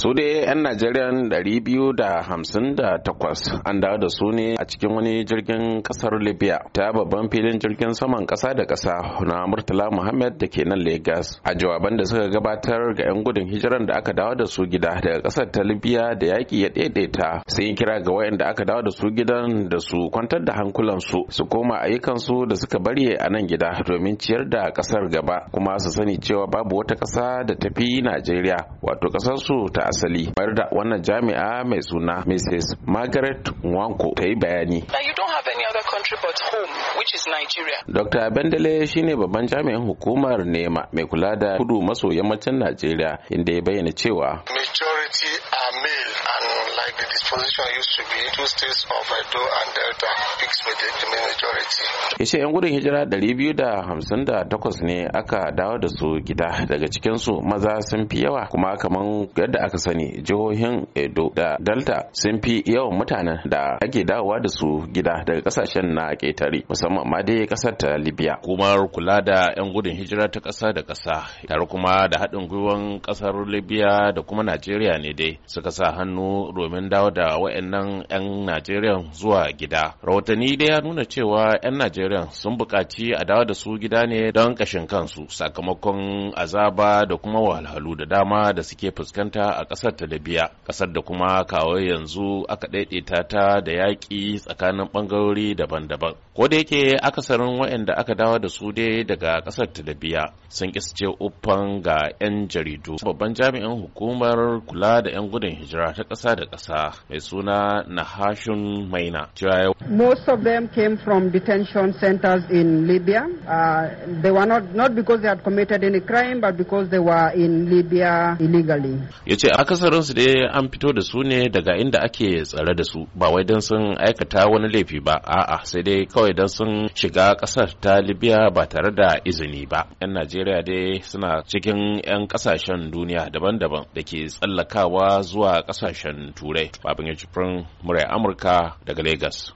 su dai 'yan najeriyan 258 an dawo da su ne a cikin wani jirgin kasar libya ta babban filin jirgin saman kasa da kasa na murtala muhammad da ke nan Legas, a jawaban da suka gabatar ga 'yan gudun hijiran da aka dawo da su gida daga kasar ta libya da yaki ya daidaita sun yi kira ga wayanda aka dawo da su gidan da su kwantar da hankulansu su koma ayyukansu da suka bari a nan gida domin ciyar da kasar gaba kuma su sani cewa babu wata kasa da tafi najeriya wato ƙasarsu ta asali bar da wannan jami'a mai suna mrs margaret nwanko ta yi bayani Dr. Bendele shine babban jami'in hukumar nema mai kula da kudu maso yammacin Najeriya inda ya bayyana cewa majority are male like the disposition used to be two states of Edo and Delta fixed with the majority. 'yan gudun hijira 258 ne aka dawo da su gida daga cikinsu maza sun fi yawa kuma kamar yadda aka sani jihohin Edo da Delta sun fi yawan mutanen da ake dawowa da su gida daga kasashen na ƙetare musamman ma dai kasar ta Libya. Kuma, kula da 'yan gudun hijira ta kasa da kasa tare kuma da haɗin gwiwan ƙasar Libya da kuma Najeriya ne dai suka sa hannu domin dawo da wayannan 'yan Najeriya zuwa gida. Rahotanni dai ya nuna cewa 'yan Najeriya sun buƙaci a dawo da su gida ne don ƙashin kansu sakamakon azaba da kuma wahalhalu da dama da suke fuskanta a ƙasar ta Libya, ƙasar da kuma kawo yanzu aka ɗaiɗaita ta da yaƙi tsakanin ɓangarori daban-daban. Ko da yake akasarin wayanda aka dawo da su dai daga ƙasar ta Libya sun kisce uffan ga 'yan jaridu. Babban jami'in hukumar kula da 'yan gudun hijira ta ƙasar kasa da ƙasa mai suna Nahashun Maina. Most of them came from detention centers in Libya. Uh, they were not, not because they had committed any crime but because they were in Libya illegally. Ya ce akasarinsu dai an fito da su ne daga inda ake tsare da su ba wai don sun aikata wani laifi ba a'a sai dai kawai don sun shiga ƙasar ta Libya ba tare da izini ba. 'Yan Najeriya dai suna cikin 'yan ƙasashen duniya daban-daban da ke tsallakawa zuwa ƙasashen kasashen turai babin ya murai amurka daga Legas.